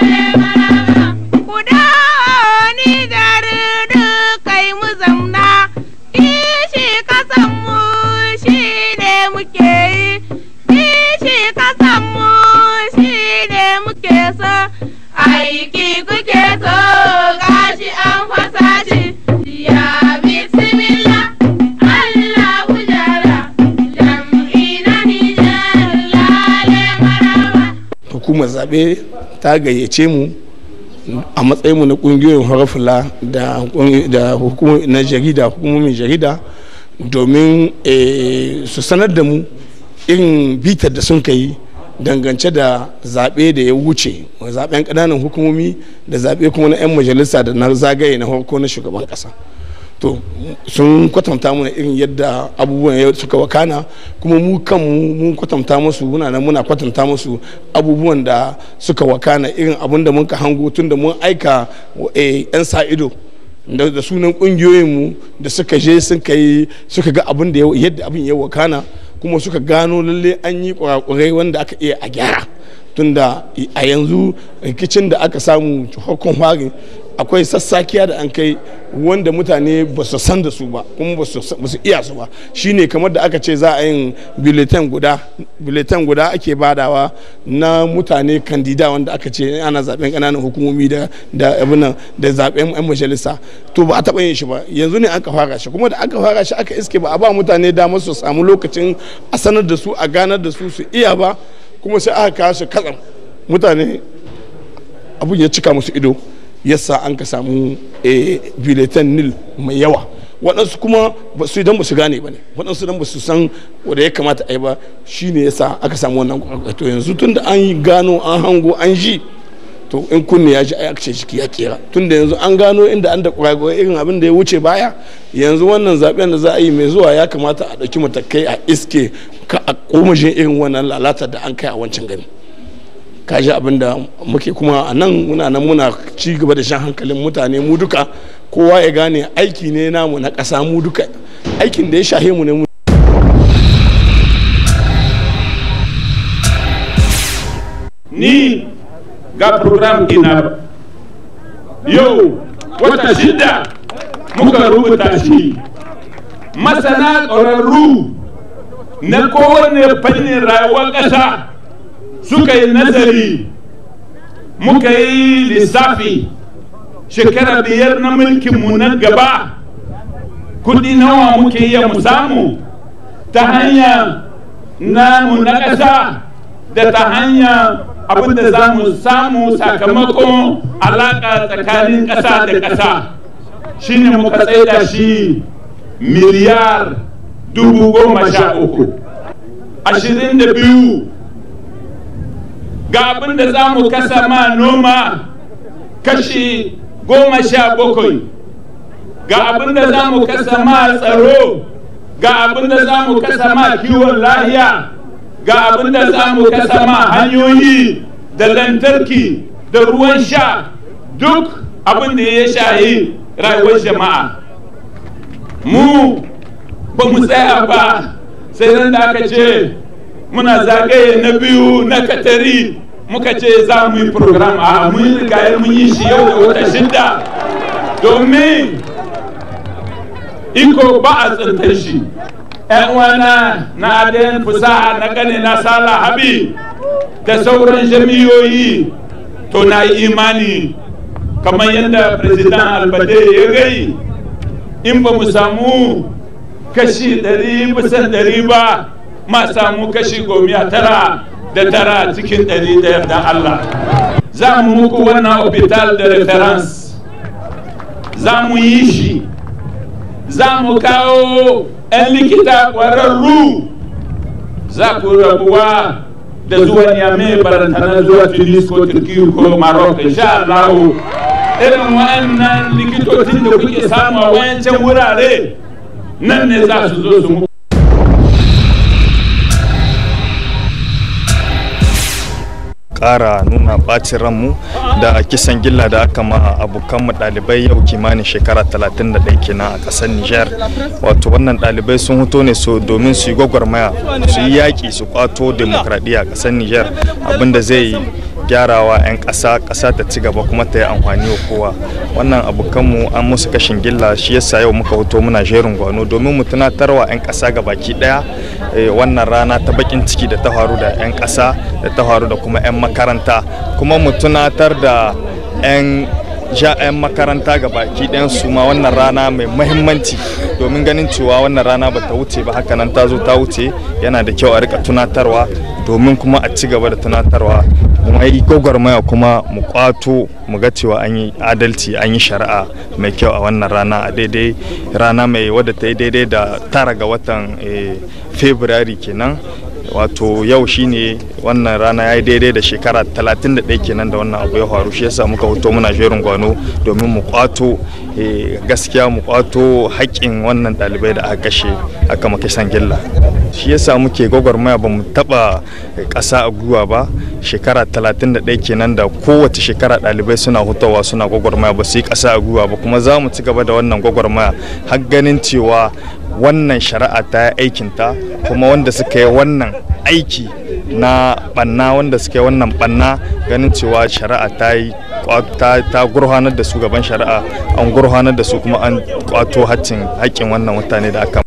Hallelujah. mu zaɓe ta gayyace mu a mu na ƙungiyoyin harafula da na jarida hukumomin jarida domin eh, su sanar da mu irin bitar da sun ka dangance da zaɓe da ya wuce zaɓen ƙananan hukumomi da zaɓe kuma na 'yan majalisa da na zagaye na farko na shugaban ƙasa to sun kwatanta mana irin yadda abubuwan suka wakana kuma mu kanmu mun kwatanta musu muna nan muna kwatanta musu abubuwan da suka wakana irin abin da mun ka hango tun da mun aika eh, yan sa ido da sunan kungiyoyinmu da suka je sun kai suka ga abin da yadda abin ya wakana kuma suka gano lalle an yi kurakurai wanda aka iya a gyara tunda a yanzu rikicin da aka samu hukun akwai sassakiya da an kai wanda mutane ba su san da su ba kuma ba su iya su ba shine kamar da aka ce za a yin bulletin guda bulletin guda ake badawa na mutane kandida wanda aka ce ana zaben kananan hukumomi da da abin da zaben yan majalisa to ba a taba yin shi ba yanzu ne aka fara shi kuma da aka fara shi aka iske ba a ba mutane damar su samu lokacin a sanar da su a ganar da su su iya ba kuma sai aka kawo su katsam mutane abun ya cika musu ido yasa an ka samu eh, biletan nil mai yawa waɗansu kuma ba su idan ba su gane ba ne waɗansu idan ba su san wanda ya kamata a yi ba shi ne yasa aka samu wannan to yanzu tun da an gano an hango an ji to in kunne ya ji a ce jiki ya kera tun da yanzu an gano inda an da kwagwai irin abin da ya wuce baya yanzu wannan zaɓen da za a yi mai zuwa ya kamata a ɗauki matakai a iske ka a irin wannan lalata da an kai a wancan gani. kaji abin da muke kuma a nan muna nan muna ci gaba da shan hankalin mutane mu duka kowa ya gane aiki ne namu na ƙasa mu duka aikin da ya shahe mu ne ni ga program ina yau wata shida muka rubuta shi masana ƙwararru na kowane fannin rayuwar ƙasa suka yi nazari muka yi lissafi shekara biyar na mulkinmu na gaba kudi nawa muke yi mu samu ta hanya namu na ƙasa da ta hanya abinda za mu samu sakamakon alaƙa tsakanin ƙasa da ƙasa shine muka tsaida shi miliyar dubu goma sha uku ashirin da biyu ga abin da za mu kasa ma noma kashi goma sha bakwai ga abin da za mu kasa ma tsaro ga abin da za mu kasa ma kiwon lahiya ga abin da za mu kasa ma hanyoyi da lantarki da ruwan sha duk abin da ya shahi rayuwar jama'a mu ba mu tsaya ba sai nan da aka ce muna zagaye na biyu na katari muka ce za mu yi program a mun riga mun yi shi yau da wata shida domin iko ba a tsintar shi uwana na adayin fusa na gane na sala habi da sauran jami'oyi to na yi imani kamar yadda president albade ya gai in ba mu samu kashi ɗari ɗari ba ma samu kashi gomiya tara da tara cikin ɗari da yarda Allah za mu muku wannan hospital da reference za mu yi shi za mu kawo 'yan likita ƙwararru za ku rabuwa da zuwa yame barantana zuwa tunis ko turki ko marok insha Allah irin wa'annan likitocin da kuke samu a wayancan wurare nan ne za su zo su kara nuna bacin ranmu da kisan gilla da aka ma abokanmu ɗalibai yau kimanin shekara 31 kenan a kasar Nijar. Wato wannan ɗalibai sun hito ne so domin su yi gwagwarmaya su yi yaƙi su kwato demokradiyya a kasar Nijar abinda zai gyarawa 'yan ƙasa ƙasa ta ci gaba kuma ta yi amfani wa kowa wannan abokanmu an musu kashin gilla shi yasa yau muka hoto muna jerin gwano domin mu tunatarwa 'yan ƙasa gabaki ɗaya Eh, wannan rana ta bakin ciki da ta faru da 'yan ƙasa da ta faru da kuma 'yan makaranta kuma mu tunatar da 'yan makaranta ga baki ɗayan ma wannan rana mai mahimmanci domin ganin cewa wannan rana ba ta wuce ba haka nan ta zo ta wuce yana da kyau a rika tunatarwa domin kuma a ci gaba da tunatarwa kuma yi gwagwarmaya kuma mu kwato mu ga cewa an yi adalci an yi shari'a mai kyau a wannan rana a daidai rana mai wadda ta yi daidai da tara ga watan eh, fabrairu kenan wato yau shine wannan rana ya yi daidai da shekara 31 kenan da wannan abu ya faru shi yasa muka hoto muna jerin gwano domin mu kwato eh, gaskiya mu kwato haƙƙin wannan ɗalibai da aka kashe aka maka san gilla shi yasa muke gwagwarmaya ba mu taɓa ƙasa a gwiwa ba shekara 31 kenan da kowace shekara ɗalibai suna hutawa suna gwagwarmaya ba su yi ƙasa a gwiwa ba kuma za mu ci gaba da wannan gwagwarmaya har ganin cewa wannan shari'a ta yi ta kuma wanda suka yi wannan aiki na banna wanda suka yi wannan banna ganin cewa shari'a ta yi ta gurhanar da su gaban shari'a an gurhanar da su kuma an kwato haƙƙin wannan mutane da aka